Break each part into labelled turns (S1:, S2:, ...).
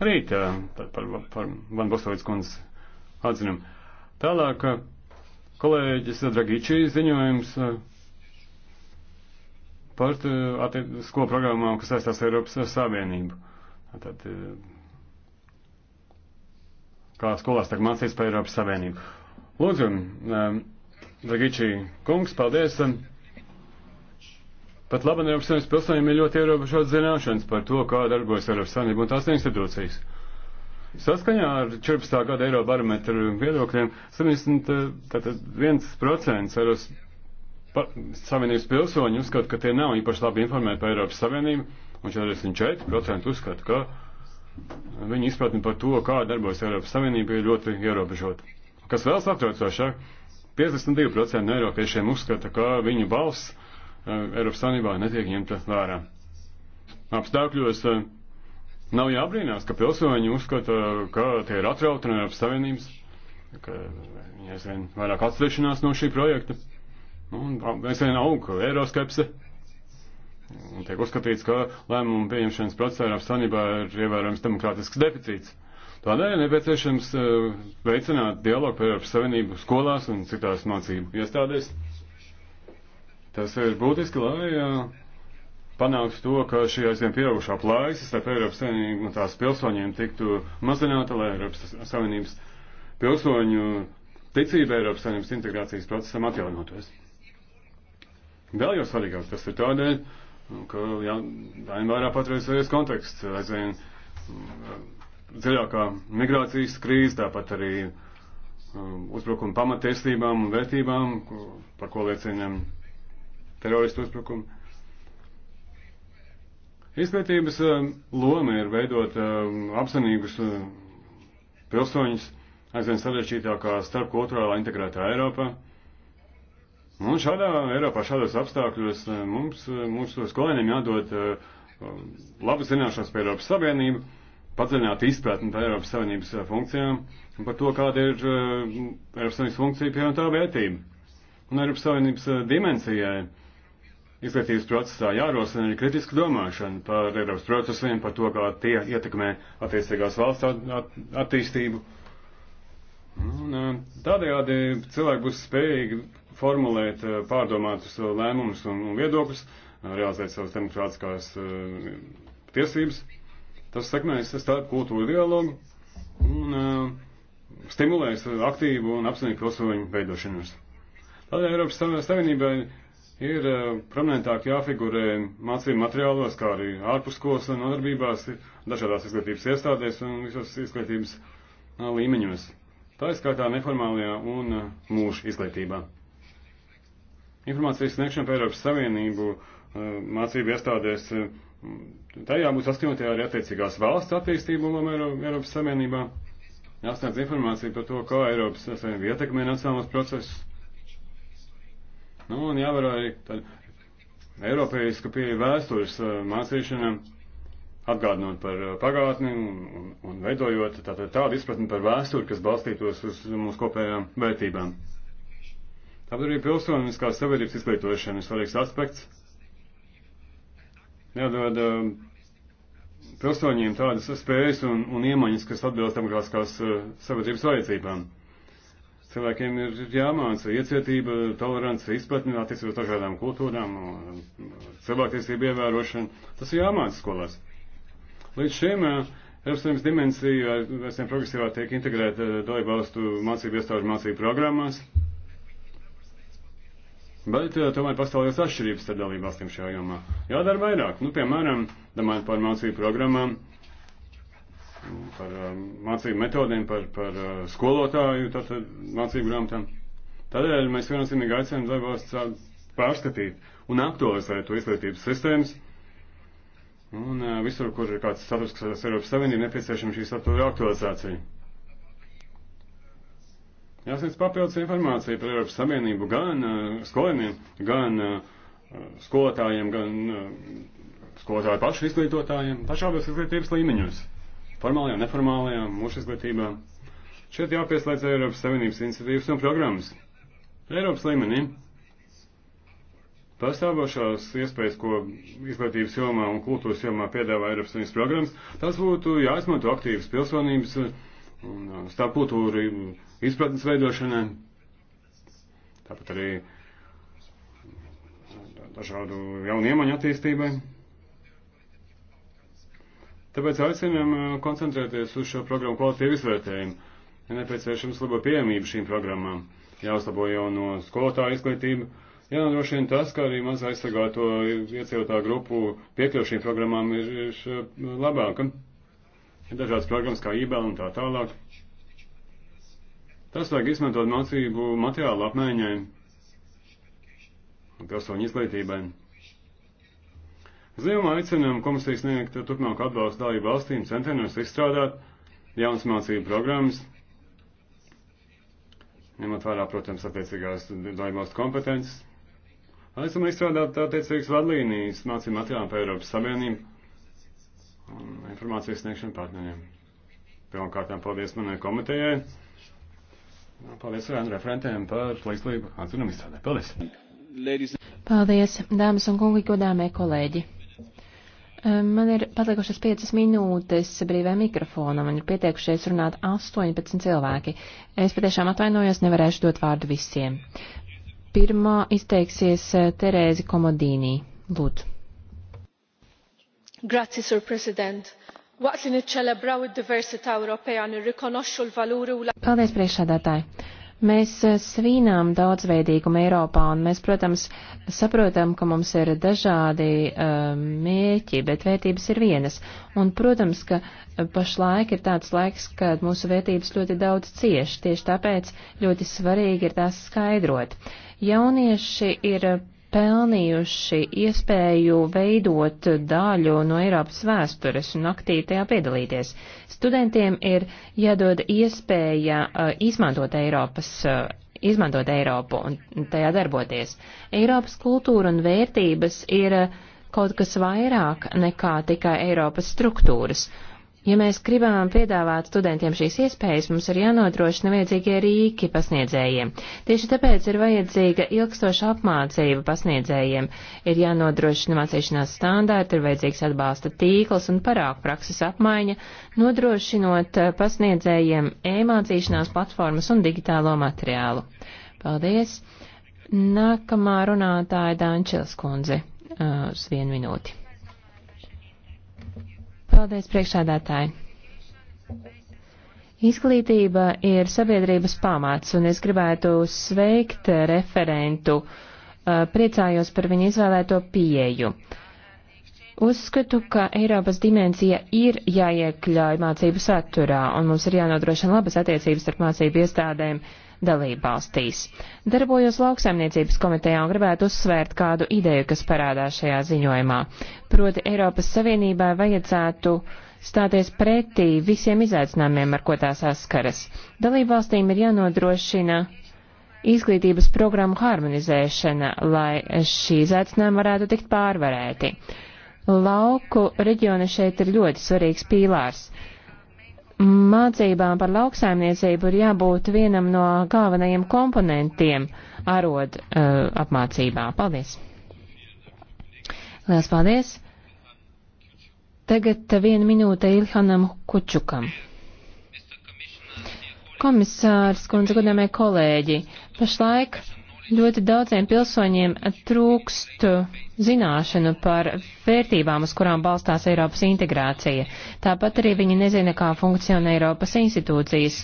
S1: rīt par, par, par Van Bosovits kundzes atzinumu. Tālāk, kolēģis Dragičī ziņojums eh, par eh, skolu programmām, kas saistās Eiropas Savienību. Tad, eh, kā skolās tagad mācīs par Eiropas Savienību. Lūdzu, Dragičī kungs, paldies! Pat laba Eiropas Savienības pilsoņiem ir ļoti ierobežot zināšanas par to, kā darbojas Eiropas Savienība un tās institūcijas. Saskaņā ar 14. gada eiro barometru viedokļiem 71% eh, Eiropas Savienības pilsoņi uzskata, ka tie nav īpaši labi informēti par Eiropas Savienību, un 44% uzskata, ka viņa izpratni par to, kā darbojas Eiropas Savienība, ir ļoti ierobežota. Kas vēl satraucošāk, 52% eiropiešiem uzskata, ka viņu balss Eiropas Savienībā netiek ņemta vērā. Apstākļos nav jābrīnās, ka pilsoņi uzskata, ka tie ir atrauti no Eiropas Savienības, ka viņi aizvien vairāk atsevišķinās no šī projekta. Nu, un aizvien aug eiroskepse. Un tiek uzskatīts, ka lēmumu pieņemšanas procesā Eiropas Savienībā ir ievērojams demokrātisks deficīts. Tādēļ nepieciešams veicināt dialogu par Eiropas Savienību skolās un citās mācību iestādēs. Ja Tas ir būtiski, lai uh, panāktu to, ka šī aizvien pieaugušā plājas starp Eiropas Savienību un tās pilsoņiem tiktu mazināta, lai Eiropas Savienības pilsoņu ticība Eiropas Savienības integrācijas procesam atjaunotos. Vēl jau svarīgāk tas ir tādēļ, ka jāņem vērā patreizējais konteksts, aizvien dziļākā migrācijas krīze, tāpat arī uzbrukuma pamatiesībām un vērtībām, par ko liecinām teroristu uzbrukumu. Izglītības um, loma ir veidot um, apzinīgus um, pilsoņus aizvien sarežģītākā starpkulturālā integrētā Eiropā. Un šādā Eiropā, šādos apstākļos mums, mūsu skolēniem jādod uh, labu zināšanas par Eiropas Savienību, padziļināt izpratni par Eiropas Savienības uh, funkcijām un par to, kāda ir Eiropas Savienības funkcija pievienotā vērtība. Un Eiropas Savienības uh, dimensijai izvērtības procesā jārosina arī kritiska domāšana par Eiropas procesiem, par to, kā tie ietekmē attiecīgās valsts at, at, attīstību. Un, eh, tādējādi cilvēki būs spējīgi formulēt eh, pārdomātus eh, lēmumus un, un viedokļus, realizēt savas demokrātiskās uh, tiesības. Tas sekmēs starp kultūru dialogu un uh, stimulēs aktīvu un apzinīgu pilsoņu veidošanos. Tādēļ Eiropas Savienībai ir eh, prominentāk jāfigurē mācību materiālos, kā arī ārpuskolas nodarbībās, dažādās izglītības iestādēs un visos izglītības eh, līmeņos. Tā ir skaitā neformālajā un eh, mūža izglītībā. Informācijas sniegšana par Eiropas Savienību mācību iestādēs tajā būs saskaņotā arī attiecīgās valsts attīstību loma Eiropas Savienībā. Jāsniedz informācija par to, kā Eiropas Savienība ietekmē nacionālos procesus Nu, un jāvēro arī tāda eiropeiska pieeja vēstures uh, mācīšana, atgādinot par uh, pagātni un, un, un veidojot tātad tādu izpratni par vēsturi, kas balstītos uz mūsu kopējām vērtībām. Tāpat arī pilsoniskās sabiedrības izglītošana ir svarīgs aspekts. Jādod uh, pilsoņiem tādas spējas un, un iemaņas, kas atbilst demokrātiskās uh, sabiedrības vajadzībām cilvēkiem ir jāmāca iecietība, tolerance, izpratne attiecībā uz dažādām kultūrām, um, cilvēktiesību ievērošana. Tas ir jāmāca skolās. Līdz šim uh, Eiropas Savienības dimensija ar visiem progresīvā tiek integrēta uh, dalību valstu mācību iestāžu mācību programmās. Bet uh, tomēr pastāv liels atšķirības starp dalību valstīm šajā jomā. Jādara vairāk. Nu, piemēram, domājot par mācību programmām, par um, mācību metodēm, par, par uh, skolotāju tātad, mācību grāmatām. Tādēļ mēs viennozīmīgi aicinām dalībvalsts pārskatīt un aktualizēt to izglītības sistēmas. Un uh, visur, kur ir kāds status, kas Eiropas Savienība, nepieciešama šī satura aktualizācija. Jāsniedz papildus informācija par Eiropas Savienību gan uh, skolēniem, gan uh, skolotājiem, gan uh, skolotāju pašu izglītotājiem, pašādos izglītības līmeņos formālajā un neformālajā mūža izglītībā. Šeit jāpieslēdz Eiropas Savienības iniciatīvas un programmas. Eiropas līmenī pastāvošās iespējas, ko izglītības jomā un kultūras jomā piedāvā Eiropas Savienības programmas, tas būtu jāizmanto aktīvas pilsonības un uh, starpkultūra izpratnes veidošanai. Tāpat arī dažādu jaunu iemaņu attīstībai. Tāpēc aicinām koncentrēties uz šo programmu kvalitīvu izvērtējumu. Ir ja nepieciešams laba pieejamība šīm programmām, jāuzlabo jau no skolotāja izglītība, jānodrošina tas, ka arī maz aizsargāto ieciltā grupu piekļuvu šīm programmām ir, ir labāka. Ir dažādas programmas kā IBL un tā tālāk. Tas vajag izmantot mācību materiālu apmaiņai un pilsoņu izglītībai. Ziemā aicinām komisijas sniegt turpmāk atbalstu dalību valstīm centienos izstrādāt jaunas mācību programmas, ņemot vērā, protams, attiecīgās dalību valstu kompetences. Aicinām izstrādāt attiecīgas vadlīnijas mācību materiālām par Eiropas Savienību un informācijas sniegšanu partneriem. Pirmkārt, paldies manai komitejai. Paldies Vēnu referentēm par līdzdalību atzinumu izstrādē. Paldies!
S2: Paldies, dāmas un kungi, godāmie kolēģi! Man ir patlikušas 5 minūtes brīvē mikrofona, man ir pieteikušies runāt 18 cilvēki. Es patiešām atvainojos, nevarēšu dot vārdu visiem. Pirmā izteiksies eh, Terēzi Komodīnī. Lūdzu. Grazie, Sir President. Waqt li niċċelebraw id-diversità Ewropea nirrikonoxxu l-valuri u l-. Paldies, priekšsādātāji. Mēs eh, svinām daudzveidīgumu Eiropā, un mēs, protams, saprotam, ka mums ir dažādi um, mērķi, bet vērtības ir vienas. Un, protams, ka eh, pašlaik ir tāds laiks, kad mūsu vērtības ļoti daudz cieš, tieši tāpēc ļoti svarīgi ir tās skaidrot. Jaunieši ir pelnījuši iespēju veidot daļu no Eiropas vēstures un aktīvi tajā piedalīties. Studentiem ir jādod iespēja uh, izmantot Eiropas. Uh, izmantot Eiropu un tajā darboties. Eiropas kultūra un vērtības ir uh, kaut kas vairāk nekā tikai Eiropas struktūras, Ja mēs gribam piedāvāt studentiem šīs iespējas, mums ir jānodrošina vajadzīgie rīki pasniedzējiem. Tieši tāpēc ir vajadzīga ilgstoša apmācība pasniedzējiem, ir jānodrošina mācīšanās standārti, ir vajadzīgs atbalsta tīkls un parāk prakses apmaiņa, nodrošinot eh, pasniedzējiem e-mācīšanās platformas un digitālo materiālu. Paldies! Nākamā runātāja Dāņčils kundze eh, uz vienu minūti. Paldies, priekšādātāji! Izglītība ir sabiedrības pamats, un es gribētu sveikt referentu. Uh, priecājos par viņu izvēlēto pieeju. Uzskatu, ka Eiropas dimensija ir jāiekļauj mācību saturā, un mums ir jānodrošina labas attiecības starp mācību iestādēm, dalībvalstīs. Darbojos lauksaimniecības komitejā un gribētu uzsvērt kādu ideju, kas parādās šajā ziņojumā. Proti Eiropas Savienībai vajadzētu stāties pretī visiem izaicinājumiem, ar ko tā saskaras. Dalībvalstīm ir jānodrošina izglītības programmu harmonizēšana, lai šī izaicinājuma varētu tikt pārvarēti. Lauku reģioni šeit ir ļoti svarīgs pīlārs mācībām par lauksaimniecību ir jābūt vienam no galvenajiem komponentiem arod uh, apmācībā. Paldies! Lielas paldies! Tagad viena minūte Ilhanam Kučukam. Komisārs, kundze, godamie kolēģi, pašlaik Ļoti daudziem pilsoņiem trūkst zināšanu par vērtībām, uz kurām balstās Eiropas integrācija. Tāpat arī viņi nezina, kā funkcionē Eiropas institūcijas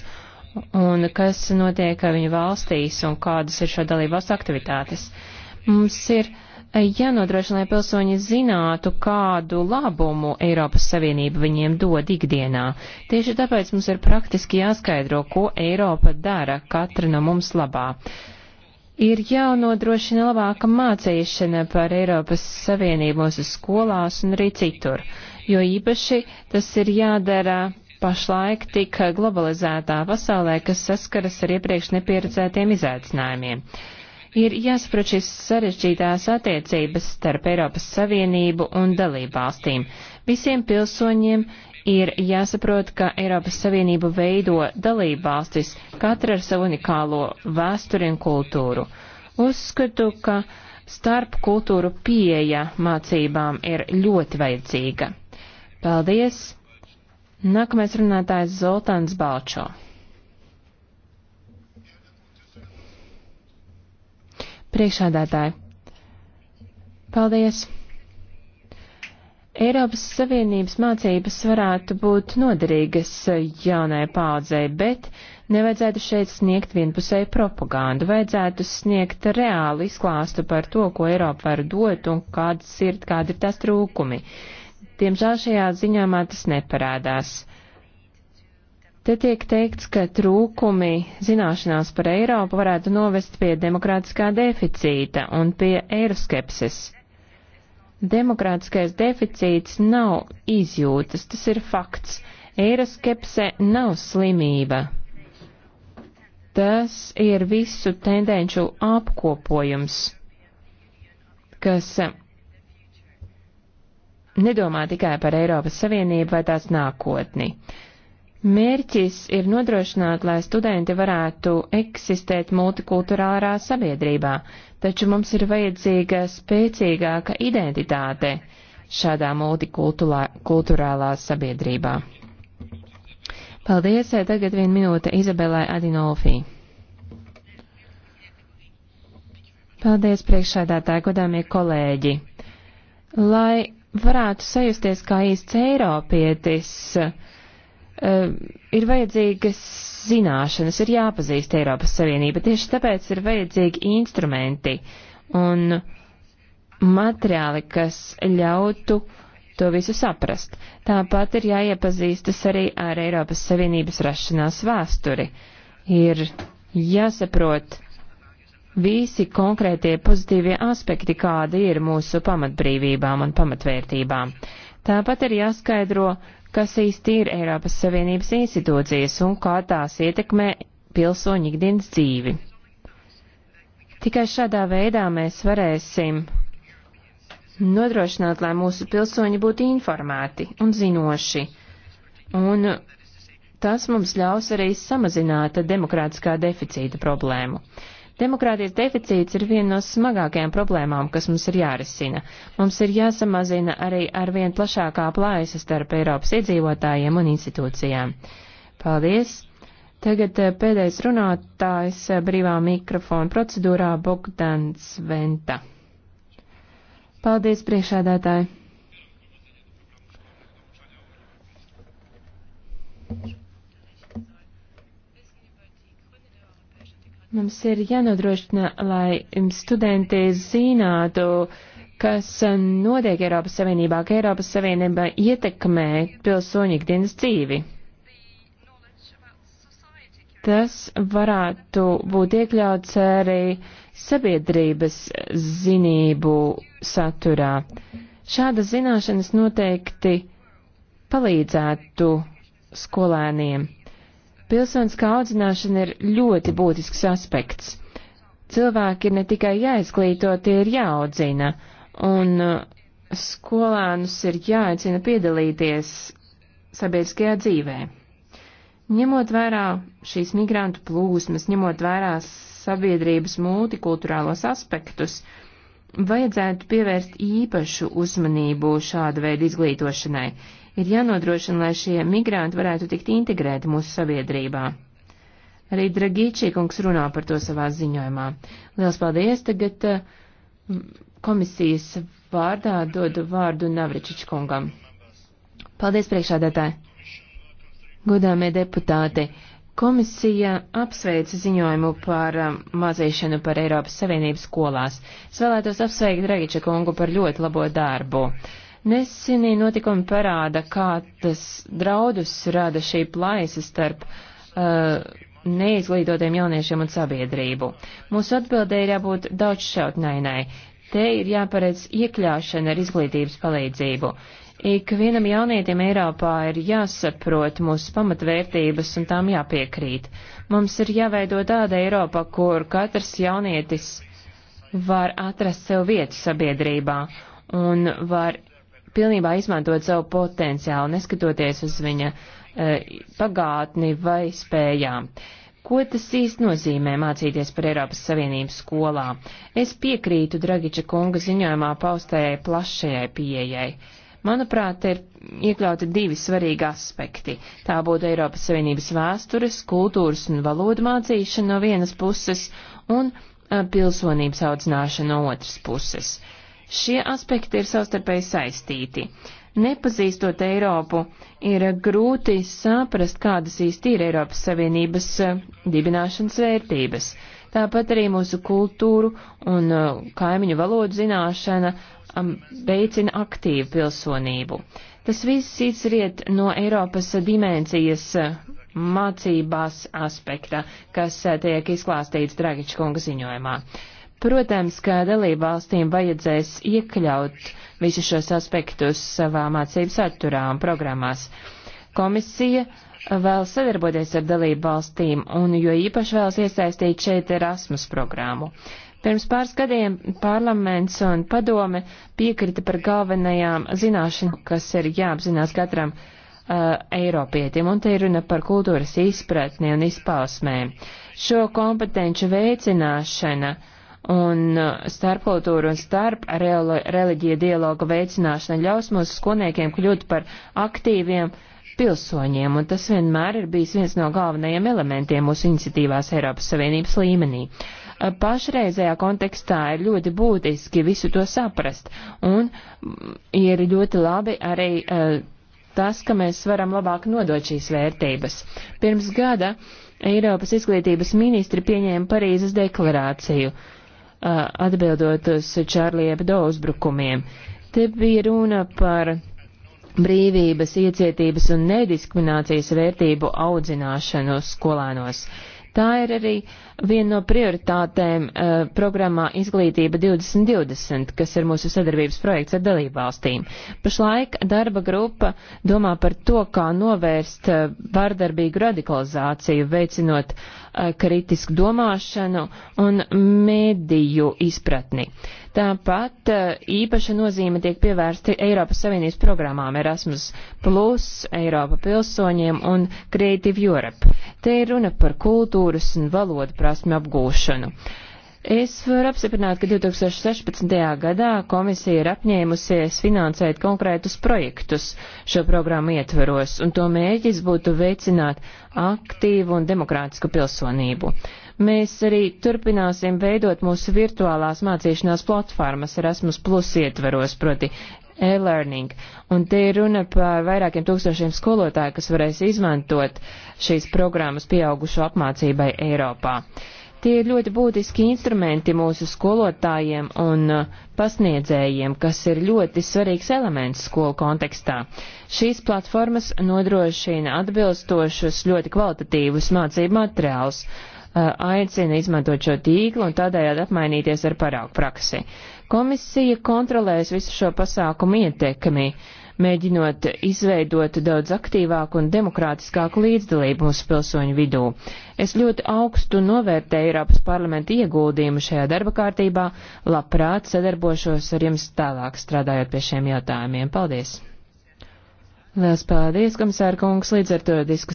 S2: un kas notiek viņu valstīs un kādas ir šo dalībās aktivitātes. Mums ir jānodrošina, lai pilsoņi zinātu, kādu labumu Eiropas Savienība viņiem dod ikdienā. Tieši tāpēc mums ir praktiski jāskaidro, ko Eiropa dara katra no mums labā. Ir jānodrošina labāka mācīšana par Eiropas Savienību mūsu skolās un arī citur, jo īpaši tas ir jādara pašlaik tik globalizētā pasaulē, kas saskaras ar iepriekš nepieredzētiem izaicinājumiem. Ir jāsaprot šīs sarežģītās attiecības starp Eiropas Savienību un dalībvalstīm. Visiem pilsoņiem ir jāsaprot, ka Eiropas Savienību veido dalību valstis, katra ar savu unikālo vēsturi un kultūru. Uzskatu, ka starp kultūru pieeja mācībām ir ļoti vajadzīga. Paldies! Nākamais runātājs Zoltāns Balčo. Priekšādātāji. Paldies! Eiropas Savienības mācības varētu būt noderīgas jaunai paudzei, bet nevajadzētu šeit sniegt vienpusēju propagandu, vajadzētu sniegt reālu izklāstu par to, ko Eiropa var dot un kādas ir, kāda ir tās trūkumi. Diemžēl šajā ziņāmā tas neparādās. Te tiek teikts, ka trūkumi zināšanās par Eiropu varētu novest pie demokrātiskā deficīta un pie eiroskepses. Demokrātiskais deficīts nav izjūtas, tas ir fakts. Eiroskepse nav slimība. Tas ir visu tendenču apkopojums, kas nedomā tikai par Eiropas Savienību vai tās nākotni. Mērķis ir nodrošināt, lai studenti varētu eksistēt multikulturālā sabiedrībā, taču mums ir vajadzīga spēcīgāka identitāte šādā multikulturālā sabiedrībā. Paldies, tagad viena minūte Izabelai Adinolfī. Paldies, priekšādātāji, godāmie kolēģi. Lai varētu sajusties kā īsts Eiropietis, uh, Eh, ir vajadzīgas zināšanas, ir jāpazīst Eiropas Savienība, tieši tāpēc ir vajadzīgi instrumenti un materiāli, kas ļautu to visu saprast. Tāpat ir jāiepazīstas arī ar Eiropas Savienības rašanās vēsturi. Ir jāsaprot visi konkrētie pozitīvie aspekti, kādi ir mūsu pamatbrīvībām un pamatvērtībām. Tāpat ir jāskaidro, kas īsti ir Eiropas Savienības institūcijas un kā tās ietekmē pilsoņu ikdienas dzīvi. Tikai šādā veidā mēs varēsim nodrošināt, lai mūsu pilsoņi būtu informēti un zinoši. Un tas mums ļaus arī samazināt demokrātiskā deficīta problēmu. Demokrātijas deficīts ir viena no smagākajām problēmām, kas mums ir jārisina. Mums ir jāsamazina arī ar vien plašākā plājas starp Eiropas iedzīvotājiem un institūcijām. Paldies! Tagad eh, pēdējais runātājs eh, brīvā mikrofona procedūrā Bogdans Venta. Paldies, priekšādātāji! Mums ir jānodrošina, lai studenti zinātu, kas notiek Eiropas Savienībā, ka Eiropas Savienība ietekmē pilsoņu ikdienas dzīvi. Tas varētu būt iekļauts arī sabiedrības zinību saturā. Šādas zināšanas noteikti palīdzētu skolēniem. Pilsoniskā audzināšana ir ļoti būtisks aspekts. Cilvēki ir ne tikai jāizglīto, tie ir jāaudzina, un uh, skolēnus ir jāaicina piedalīties sabiedriskajā dzīvē. Ņemot vērā šīs migrantu plūsmas, ņemot vērā sabiedrības multikulturālos aspektus, vajadzētu pievērst īpašu uzmanību šāda veida izglītošanai, Ir jānodrošina, lai šie migranti varētu tikt integrēti mūsu sabiedrībā. Arī Dragīčī kungs runā par to savā ziņojumā. Liels paldies! Tagad uh, komisijas vārdā dodu vārdu Navričič kungam. Paldies priekšādātāji! Godāmie deputāti! Komisija apsveica ziņojumu par um, mazēšanu par Eiropas Savienības skolās. Es vēlētos apsveikt Dragiča kungu par ļoti labo darbu. Uh, Nesenī notikumi parāda, kādas draudus rada šī plaisa starp uh, neizglītotiem jauniešiem un sabiedrību. Mūsu atbildē ir jābūt daudz šautnainai. Te ir jāparedz iekļaušana ar izglītības palīdzību. Ik vienam jaunietim Eiropā ir jāsaprot mūsu pamatvērtības un tām jāpiekrīt. Mums ir jāveido tāda Eiropa, kur katrs jaunietis var atrast sev vietu sabiedrībā un var pilnībā izmantot savu potenciālu, neskatoties uz viņa eh, pagātni vai spējām. Ko tas īsti nozīmē mācīties par Eiropas Savienības skolā? Es piekrītu Dragiča kunga ziņojumā paustajai plašajai pieejai. Manuprāt, ir iekļauti divi svarīgi aspekti. Tā būtu Eiropas Savienības vēstures, kultūras un valodu mācīšana no vienas puses un eh, pilsonības audzināšana no otras puses. Uh, Šie aspekti ir savstarpēji saistīti. Nepazīstot Eiropu, ir grūti saprast, kādas īsti ir Eiropas Savienības eh, dibināšanas vērtības. Tāpat arī mūsu kultūru un eh, kaimiņu valodu zināšana veicina aktīvu pilsonību. Tas viss izriet no Eiropas dimensijas eh, mācībās aspekta, kas tiek izklāstīts Dragičkunga ziņojumā. Protams, ka dalībvalstīm vajadzēs iekļaut visus šos aspektus savā mācību saturā un programmās. Komisija vēl sadarboties ar dalībvalstīm un jo īpaši vēlas iesaistīt šeit Erasmus programmu. Pirms pāris gadiem parlaments un padome piekrita par galvenajām zināšanām, kas ir jāapzinās katram uh, Eiropietim, un te ir runa par kultūras izpratni un izpausmēm. Šo kompetenci veicināšana uh, un uh, starpkultūra un starp reliģija dialoga veicināšana ļaus mūsu skolniekiem kļūt par aktīviem pilsoņiem, un tas vienmēr ir bijis viens no galvenajiem elementiem mūsu iniciatīvās Eiropas Savienības līmenī. Uh, pašreizējā kontekstā ir ļoti būtiski visu to saprast, un mm, ir ļoti labi arī uh, tas, ka mēs varam labāk nodot šīs vērtības. Pirms gada Eiropas izglītības ministri pieņēma Parīzes deklarāciju, uh, atbildot uz Čārlija Bdo uzbrukumiem. Te bija runa par brīvības, iecietības un nediskriminācijas vērtību audzināšanu skolēnos. Tā ir arī viena no prioritātēm uh, programmā Izglītība 2020, kas ir mūsu sadarbības projekts ar dalībvalstīm. Pašlaik darba grupa domā par to, kā novērst uh, eh, vārdarbīgu radikalizāciju, veicinot uh, kritisku domāšanu un mediju izpratni. Tāpat īpaša nozīme tiek pievērsta Eiropas Savienības programmām Erasmus, Plus, Eiropa pilsoņiem un Creative Europe. Te ir runa par kultūru kultūras un valodu prasme apgūšanu. Es varu apstiprināt, ka 2016. gadā komisija ir apņēmusies finansēt konkrētus projektus šo programmu ietveros, un to mēģis būtu veicināt aktīvu un demokrātisku pilsonību. Mēs arī turpināsim veidot mūsu virtuālās mācīšanās platformas Erasmus Plus ietveros, proti e-learning. Un te ir runa par vairākiem tūkstošiem skolotāju, kas varēs izmantot šīs programmas pieaugušo apmācībai Eiropā. Tie ir ļoti būtiski instrumenti mūsu skolotājiem un uh, pasniedzējiem, kas ir ļoti svarīgs elements skolu kontekstā. Šīs platformas nodrošina atbilstošus, ļoti kvalitatīvus mācību materiālus, uh, aicina izmantot šo tīklu un tādējādi apmainīties ar paraugu praksi. Komisija kontrolēs visu šo pasākumu ietekmi, mēģinot izveidot daudz aktīvāku un demokrātiskāku līdzdalību mūsu pilsoņu vidū. Es ļoti augstu novērtēju Eiropas parlamenta ieguldījumu šajā darba kārtībā, labprāt sadarbošos ar jums tālāk strādājot pie šiem jautājumiem. Paldies! Lielas paldies, komisāra kungs, līdz ar to diskusiju.